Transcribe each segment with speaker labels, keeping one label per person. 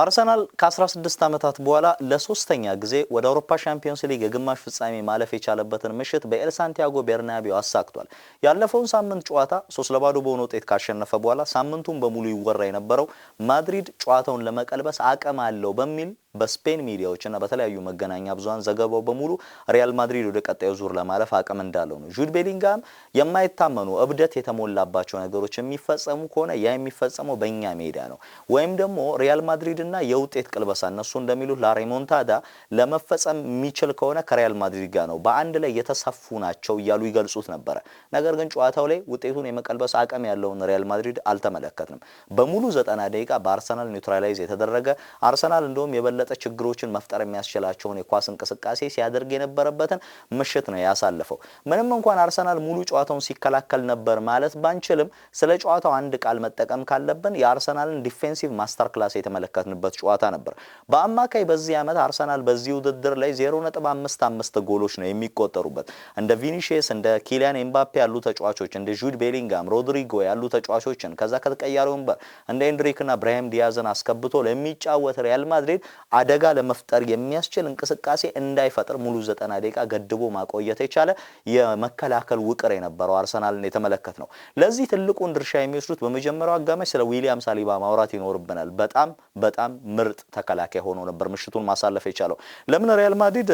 Speaker 1: አርሰናል ከ16 ዓመታት በኋላ ለሶስተኛ ጊዜ ወደ አውሮፓ ሻምፒዮንስ ሊግ የግማሽ ፍጻሜ ማለፍ የቻለበትን ምሽት በኤል ሳንቲያጎ ቤርናቢዮ አሳክቷል። ያለፈውን ሳምንት ጨዋታ ሶስት ለባዶ በሆነ ውጤት ካሸነፈ በኋላ ሳምንቱን በሙሉ ይወራ የነበረው ማድሪድ ጨዋታውን ለመቀልበስ አቅም አለው በሚል በስፔን ሚዲያዎችና በተለያዩ መገናኛ ብዙሃን ዘገባው በሙሉ ሪያል ማድሪድ ወደ ቀጣዩ ዙር ለማለፍ አቅም እንዳለው ነው። ጁድ ቤሊንጋም የማይታመኑ እብደት የተሞላባቸው ነገሮች የሚፈጸሙ ከሆነ ያ የሚፈጸመው በእኛ ሜዳ ነው ወይም ደግሞ ሪያል ማድሪድና የውጤት ቅልበሳ እነሱ እንደሚሉት ላሬሞንታዳ ለመፈጸም የሚችል ከሆነ ከሪያል ማድሪድ ጋር ነው በአንድ ላይ የተሰፉ ናቸው እያሉ ይገልጹት ነበረ። ነገር ግን ጨዋታው ላይ ውጤቱን የመቀልበስ አቅም ያለውን ሪያል ማድሪድ አልተመለከትንም። በሙሉ ዘጠና ደቂቃ በአርሰናል ኒውትራላይዝ የተደረገ አርሰናል እንደውም የበለ የበለጠ ችግሮችን መፍጠር የሚያስችላቸውን የኳስ እንቅስቃሴ ሲያደርግ የነበረበትን ምሽት ነው ያሳለፈው። ምንም እንኳን አርሰናል ሙሉ ጨዋታውን ሲከላከል ነበር ማለት ባንችልም ስለ ጨዋታው አንድ ቃል መጠቀም ካለብን የአርሰናልን ዲፌንሲቭ ማስተር ክላስ የተመለከትንበት ጨዋታ ነበር። በአማካይ በዚህ ዓመት አርሰናል በዚህ ውድድር ላይ 0.55 ጎሎች ነው የሚቆጠሩበት። እንደ ቪኒሽስ እንደ ኪሊያን ኤምባፔ ያሉ ተጫዋቾች፣ እንደ ጁድ ቤሊንጋም፣ ሮድሪጎ ያሉ ተጫዋቾችን ከዛ ከተቀያሪ ወንበር እንደ ኤንድሪክና ብራሂም ዲያዝን አስከብቶ ለሚጫወት ሪያል ማድሪድ አደጋ ለመፍጠር የሚያስችል እንቅስቃሴ እንዳይፈጥር ሙሉ ዘጠና ደቂቃ ገድቦ ማቆየት የቻለ የመከላከል ውቅር የነበረው አርሰናልን የተመለከት ነው። ለዚህ ትልቁን ድርሻ የሚወስዱት በመጀመሪያው አጋማሽ ስለ ዊሊያም ሳሊባ ማውራት ይኖርብናል። በጣም በጣም ምርጥ ተከላካይ ሆኖ ነበር ምሽቱን ማሳለፍ የቻለው ለምን ሪያል ማድሪድ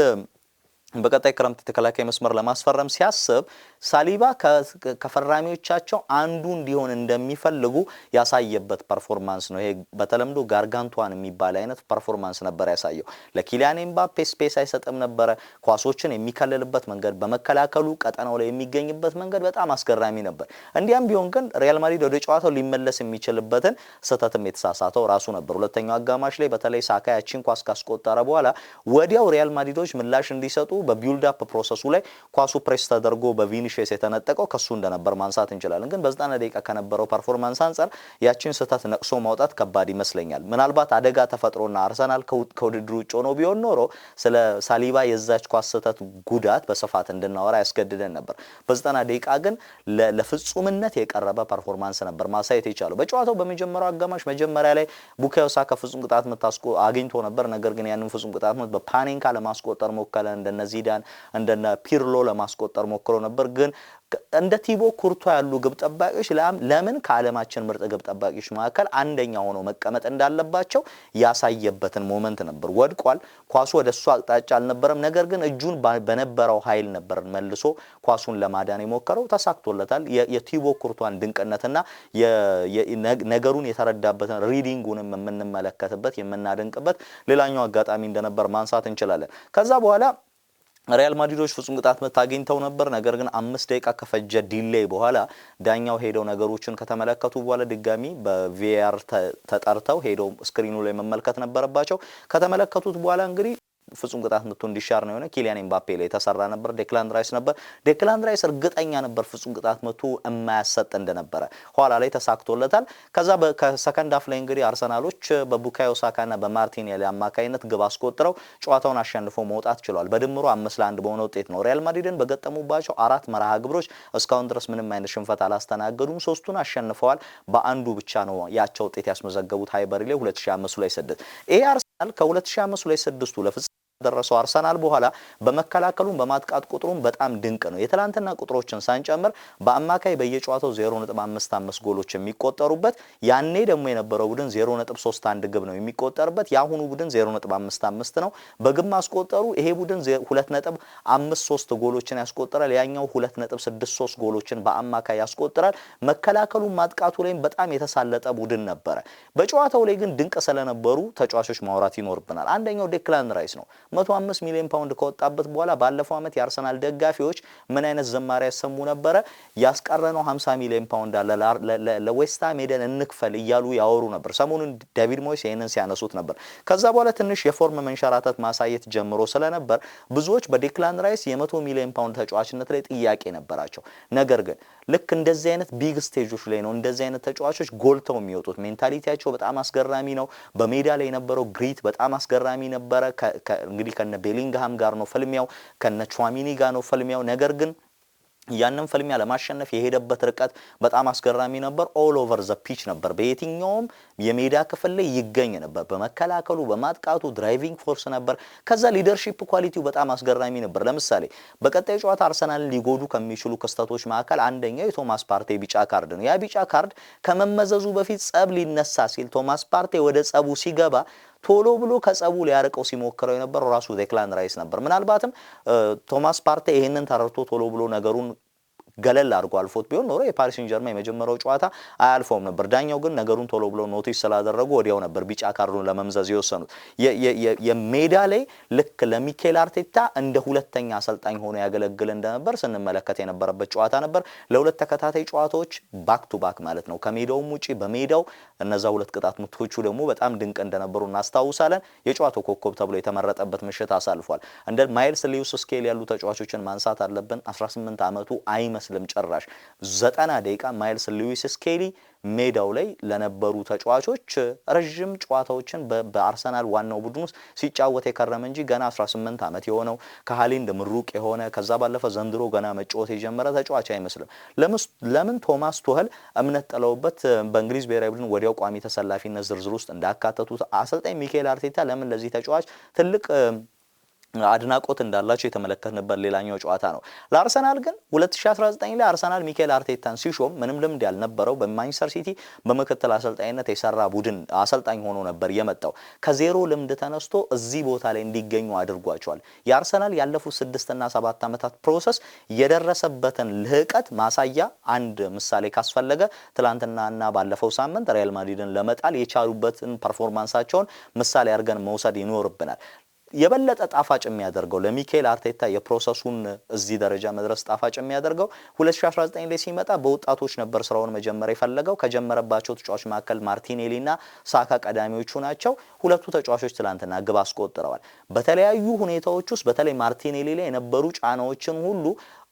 Speaker 1: በቀጣይ ክረምት የተከላካይ መስመር ለማስፈረም ሲያስብ ሳሊባ ከፈራሚዎቻቸው አንዱ እንዲሆን እንደሚፈልጉ ያሳየበት ፐርፎርማንስ ነው። ይሄ በተለምዶ ጋርጋንቷን የሚባል አይነት ፐርፎርማንስ ነበር ያሳየው። ለኪሊያን ኤምባፔ ስፔስ አይሰጥም ነበረ። ኳሶችን የሚከልልበት መንገድ፣ በመከላከሉ ቀጠናው ላይ የሚገኝበት መንገድ በጣም አስገራሚ ነበር። እንዲያም ቢሆን ግን ሪያል ማድሪድ ወደ ጨዋታው ሊመለስ የሚችልበትን ስህተትም የተሳሳተው ራሱ ነበር። ሁለተኛው አጋማሽ ላይ በተለይ ሳካ ያቺን ኳስ ካስቆጠረ በኋላ ወዲያው ሪያል ማድሪዶች ምላሽ እንዲሰጡ በቢውልድ አፕ ፕሮሰሱ ላይ ኳሱ ፕሬስ ተደርጎ በቪኒሽስ የተነጠቀው ከሱ እንደነበር ማንሳት እንችላለን። ግን በዘጠና ደቂቃ ከነበረው ፐርፎርማንስ አንጻር ያችን ስህተት ነቅሶ ማውጣት ከባድ ይመስለኛል። ምናልባት አደጋ ተፈጥሮና አርሰናል ከውድድር ውጭ ሆኖ ቢሆን ኖሮ ስለ ሳሊባ የዛች ኳስ ስህተት ጉዳት በስፋት እንድናወራ ያስገድደን ነበር። በዘጠና ደቂቃ ግን ለፍጹምነት የቀረበ ፐርፎርማንስ ነበር ማሳየት የቻለው። በጨዋታው በመጀመሪያው አጋማሽ መጀመሪያ ላይ ቡካዮ ሳካ ፍጹም ቅጣት ምት አግኝቶ ነበር። ነገር ግን ያንን ፍጹም ቅጣት ምት በፓኔንካ ለማስቆጠር ሞከለ እንደነዚህ ዚዳን እንደነ ፒርሎ ለማስቆጠር ሞክሮ ነበር ግን እንደ ቲቦ ኩርቷ ያሉ ግብ ጠባቂዎች ለምን ከዓለማችን ምርጥ ግብ ጠባቂዎች መካከል አንደኛ ሆኖ መቀመጥ እንዳለባቸው ያሳየበትን ሞመንት ነበር። ወድቋል። ኳሱ ወደ እሱ አቅጣጫ አልነበረም። ነገር ግን እጁን በነበረው ኃይል ነበር መልሶ ኳሱን ለማዳን የሞከረው ተሳክቶለታል። የቲቦ ኩርቷን ድንቅነትና ነገሩን የተረዳበትን ሪዲንጉንም የምንመለከትበት የምናደንቅበት ሌላኛው አጋጣሚ እንደነበር ማንሳት እንችላለን። ከዛ በኋላ ሪያል ማድሪዶች ፍጹም ቅጣት ምት አግኝተው ነበር። ነገር ግን አምስት ደቂቃ ከፈጀ ዲሌይ በኋላ ዳኛው ሄደው ነገሮችን ከተመለከቱ በኋላ ድጋሚ በቪኤአር ተጠርተው ሄደው ስክሪኑ ላይ መመልከት ነበረባቸው። ከተመለከቱት በኋላ እንግዲህ ፍጹም ቅጣት ምቱ እንዲሻር ነው የሆነ። ኪሊያን ኤምባፔ ላይ የተሰራ ነበር። ዴክላን ራይስ ነበር። ዴክላን ራይስ እርግጠኛ ነበር ፍጹም ቅጣት ምቱ የማያሰጥ እንደነበረ፣ ኋላ ላይ ተሳክቶለታል። ከዛ ከሰከንድ ሀፍ ላይ እንግዲህ አርሰናሎች በቡካዮ ሳካና በማርቲኔሊ አማካኝነት ግብ አስቆጥረው ጨዋታውን አሸንፎ መውጣት ችሏል። በድምሩ አምስት ለአንድ በሆነ ውጤት ነው። ሪያል ማድሪድን በገጠሙባቸው አራት መርሃ ግብሮች እስካሁን ድረስ ምንም አይነት ሽንፈት አላስተናገዱም። ሶስቱን አሸንፈዋል። በአንዱ ብቻ ነው ያቸው ውጤት ያስመዘገቡት። ሃይበርሌ 2005 ላይ ስድስት ይሄ አርሰናል ከ2005 ላይ ስድስቱ ለፍጽ ደረሰው አርሰናል በኋላ በመከላከሉም በማጥቃት ቁጥሩም በጣም ድንቅ ነው። የትላንትና ቁጥሮችን ሳንጨምር በአማካይ በየጨዋታው 0.55 ጎሎች የሚቆጠሩበት ያኔ ደግሞ የነበረው ቡድን 0.31 ግብ ነው የሚቆጠርበት የአሁኑ ቡድን 0.55 ነው። በግብ ማስቆጠሩ ይሄ ቡድን 2.53 ጎሎችን ያስቆጥራል፣ ያኛው 2.63 ጎሎችን በአማካይ ያስቆጥራል። መከላከሉ ማጥቃቱ ላይም በጣም የተሳለጠ ቡድን ነበረ። በጨዋታው ላይ ግን ድንቅ ስለነበሩ ተጫዋቾች ማውራት ይኖርብናል። አንደኛው ዴክላን ራይስ ነው። 105 ሚሊዮን ፓውንድ ከወጣበት በኋላ ባለፈው ዓመት የአርሰናል ደጋፊዎች ምን አይነት ዝማሬ ያሰሙ ነበረ? ያስቀረነው 50 ሚሊዮን ፓውንድ አለ ለዌስትሃም ሄደን እንክፈል እያሉ ያወሩ ነበር። ሰሞኑን ዳቪድ ሞይስ ይህንን ሲያነሱት ነበር። ከዛ በኋላ ትንሽ የፎርም መንሸራተት ማሳየት ጀምሮ ስለነበር ብዙዎች በዴክላን ራይስ የ100 ሚሊዮን ፓውንድ ተጫዋችነት ላይ ጥያቄ ነበራቸው። ነገር ግን ልክ እንደዚህ አይነት ቢግ ስቴጆች ላይ ነው እንደዚህ አይነት ተጫዋቾች ጎልተው የሚወጡት። ሜንታሊቲያቸው በጣም አስገራሚ ነው። በሜዳ ላይ የነበረው ግሪት በጣም አስገራሚ ነበረ። እንግዲህ ከነ ቤሊንግሃም ጋር ነው ፍልሚያው፣ ከነ ቹዋሚኒ ጋር ነው ፍልሚያው። ነገር ግን ያንን ፍልሚያ ለማሸነፍ የሄደበት ርቀት በጣም አስገራሚ ነበር። ኦል ኦቨር ዘ ፒች ነበር፣ በየትኛውም የሜዳ ክፍል ላይ ይገኝ ነበር። በመከላከሉ፣ በማጥቃቱ ድራይቪንግ ፎርስ ነበር። ከዛ ሊደርሺፕ ኳሊቲው በጣም አስገራሚ ነበር። ለምሳሌ በቀጣይ ጨዋታ አርሰናልን ሊጎዱ ከሚችሉ ክስተቶች መካከል አንደኛው የቶማስ ፓርቴ ቢጫ ካርድ ነው። ያ ቢጫ ካርድ ከመመዘዙ በፊት ጸብ ሊነሳ ሲል ቶማስ ፓርቴ ወደ ጸቡ ሲገባ ቶሎ ብሎ ከጸቡ ሊያርቀው ሲሞክረው የነበረው ራሱ ዴክላን ራይስ ነበር። ምናልባትም ቶማስ ፓርቴ ይህንን ተረድቶ ቶሎ ብሎ ነገሩን ገለል አድርጎ አልፎት ቢሆን ኖሮ የፓሪስ ሴንጀርማ የመጀመሪያው ጨዋታ አያልፈውም ነበር። ዳኛው ግን ነገሩን ቶሎ ብሎ ኖቲስ ስላደረጉ ወዲያው ነበር ቢጫ ካርዱን ለመምዘዝ የወሰኑት። የሜዳ ላይ ልክ ለሚኬል አርቴታ እንደ ሁለተኛ አሰልጣኝ ሆኖ ያገለግል እንደነበር ስንመለከት የነበረበት ጨዋታ ነበር። ለሁለት ተከታታይ ጨዋታዎች ባክ ቱ ባክ ማለት ነው፣ ከሜዳውም ውጪ በሜዳው እነዛ ሁለት ቅጣት ምቶቹ ደግሞ በጣም ድንቅ እንደነበሩ እናስታውሳለን። የጨዋታው ኮከብ ተብሎ የተመረጠበት ምሽት አሳልፏል። እንደ ማይልስ ሊዩስ ስኬል ያሉ ተጫዋቾችን ማንሳት አለብን። 18 ዓመቱ አይመ አይመስልም ጭራሽ። ዘጠና ደቂቃ ማይልስ ሉዊስ ስኬሊ ሜዳው ላይ ለነበሩ ተጫዋቾች ረዥም ጨዋታዎችን በአርሰናል ዋናው ቡድን ውስጥ ሲጫወት የከረመ እንጂ ገና 18 ዓመት የሆነው ከሃሊንድ ምሩቅ የሆነ ከዛ ባለፈ ዘንድሮ ገና መጫወት የጀመረ ተጫዋች አይመስልም። ለምን ቶማስ ቱኸል እምነት ጥለውበት በእንግሊዝ ብሔራዊ ቡድን ወዲያው ቋሚ ተሰላፊነት ዝርዝር ውስጥ እንዳካተቱት አሰልጣኝ ሚካኤል አርቴታ ለምን ለዚህ ተጫዋች ትልቅ አድናቆት እንዳላቸው የተመለከትንበት ሌላኛው ጨዋታ ነው። ለአርሰናል ግን 2019 ላይ አርሰናል ሚካኤል አርቴታን ሲሾም ምንም ልምድ ያልነበረው በማንቸስተር ሲቲ በምክትል አሰልጣኝነት የሰራ ቡድን አሰልጣኝ ሆኖ ነበር የመጣው። ከዜሮ ልምድ ተነስቶ እዚህ ቦታ ላይ እንዲገኙ አድርጓቸዋል። የአርሰናል ያለፉት ስድስትና ሰባት ዓመታት ፕሮሰስ የደረሰበትን ልህቀት ማሳያ አንድ ምሳሌ ካስፈለገ ትላንትናና ባለፈው ሳምንት ሪያል ማድሪድን ለመጣል የቻሉበትን ፐርፎርማንሳቸውን ምሳሌ አድርገን መውሰድ ይኖርብናል። የበለጠ ጣፋጭ የሚያደርገው ለሚካኤል አርቴታ የፕሮሰሱን እዚህ ደረጃ መድረስ ጣፋጭ የሚያደርገው 2019 ላይ ሲመጣ በወጣቶች ነበር ስራውን መጀመር የፈለገው። ከጀመረባቸው ተጫዋች መካከል ማርቲኔሊ እና ሳካ ቀዳሚዎቹ ናቸው። ሁለቱ ተጫዋቾች ትላንትና ግብ አስቆጥረዋል። በተለያዩ ሁኔታዎች ውስጥ በተለይ ማርቲኔሊ ላይ የነበሩ ጫናዎችን ሁሉ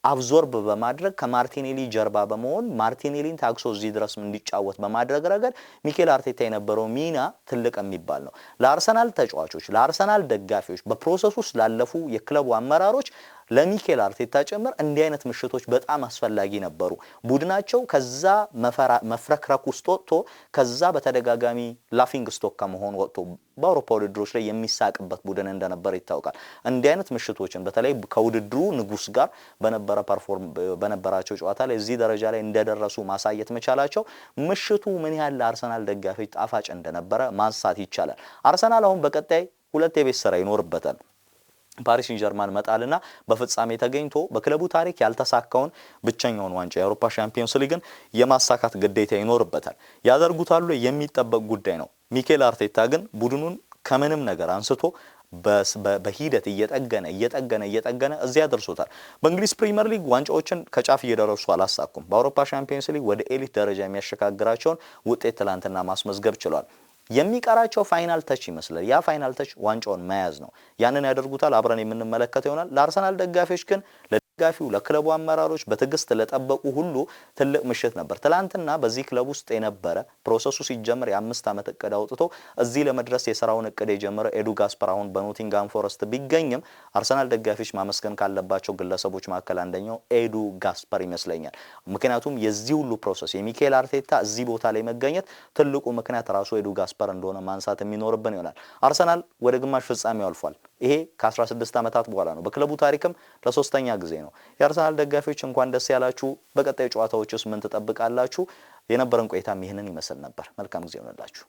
Speaker 1: አብዞርብ በማድረግ ከማርቲኔሊ ጀርባ በመሆን ማርቲኔሊን ታግሶ እዚህ ድረስ እንዲጫወት በማድረግ ረገድ ሚኬል አርቴታ የነበረው ሚና ትልቅ የሚባል ነው። ለአርሰናል ተጫዋቾች፣ ለአርሰናል ደጋፊዎች፣ በፕሮሰሱ ውስጥ ላለፉ የክለቡ አመራሮች ለሚኬል አርቴታ ጭምር እንዲህ አይነት ምሽቶች በጣም አስፈላጊ ነበሩ። ቡድናቸው ከዛ መፍረክረክ ውስጥ ወጥቶ ከዛ በተደጋጋሚ ላፊንግ ስቶክ ከመሆን ወጥቶ በአውሮፓ ውድድሮች ላይ የሚሳቅበት ቡድን እንደነበር ይታወቃል። እንዲህ አይነት ምሽቶችን በተለይ ከውድድሩ ንጉስ ጋር በነበረ ፐርፎርም በነበራቸው ጨዋታ ላይ እዚህ ደረጃ ላይ እንደደረሱ ማሳየት መቻላቸው ምሽቱ ምን ያህል ለአርሰናል ደጋፊዎች ጣፋጭ እንደነበረ ማንሳት ይቻላል። አርሰናል አሁን በቀጣይ ሁለት የቤት ስራ ይኖርበታል። ፓሪስ ጀርማን መጣልና በፍጻሜ ተገኝቶ በክለቡ ታሪክ ያልተሳካውን ብቸኛውን ዋንጫ የአውሮፓ ሻምፒዮንስ ሊግን የማሳካት ግዴታ ይኖርበታል። ያደርጉታሉ የሚጠበቅ ጉዳይ ነው። ሚኬል አርቴታ ግን ቡድኑን ከምንም ነገር አንስቶ በሂደት እየጠገነ እየጠገነ እየጠገነ እዚያ ደርሶታል። በእንግሊዝ ፕሪምየር ሊግ ዋንጫዎችን ከጫፍ እየደረሱ አላሳኩም። በአውሮፓ ሻምፒዮንስ ሊግ ወደ ኤሊት ደረጃ የሚያሸጋግራቸውን ውጤት ትላንትና ማስመዝገብ ችሏል። የሚቀራቸው ፋይናል ተች ይመስላል። ያ ፋይናል ተች ዋንጫውን መያዝ ነው። ያንን ያደርጉታል። አብረን የምንመለከተው ይሆናል። ለአርሰናል ደጋፊዎች ግን ደጋፊው ለክለቡ አመራሮች በትዕግስት ለጠበቁ ሁሉ ትልቅ ምሽት ነበር። ትላንትና በዚህ ክለብ ውስጥ የነበረ ፕሮሰሱ ሲጀምር የአምስት ዓመት እቅድ አውጥቶ እዚህ ለመድረስ የስራውን እቅድ የጀመረ ኤዱ ጋስፐር አሁን በኖቲንጋም ፎረስት ቢገኝም አርሰናል ደጋፊዎች ማመስገን ካለባቸው ግለሰቦች መካከል አንደኛው ኤዱ ጋስፐር ይመስለኛል። ምክንያቱም የዚህ ሁሉ ፕሮሰስ የሚካኤል አርቴታ እዚህ ቦታ ላይ መገኘት ትልቁ ምክንያት ራሱ ኤዱ ጋስፐር እንደሆነ ማንሳት የሚኖርብን ይሆናል። አርሰናል ወደ ግማሽ ፍጻሜው አልፏል። ይሄ ከ16 ዓመታት በኋላ ነው። በክለቡ ታሪክም ለሶስተኛ ጊዜ ነው። የአርሰናል ደጋፊዎች እንኳን ደስ ያላችሁ። በቀጣዩ ጨዋታዎች ውስጥ ምን ትጠብቃላችሁ? የነበረን ቆይታም ይህንን ይመስል ነበር። መልካም ጊዜ ሆነላችሁ።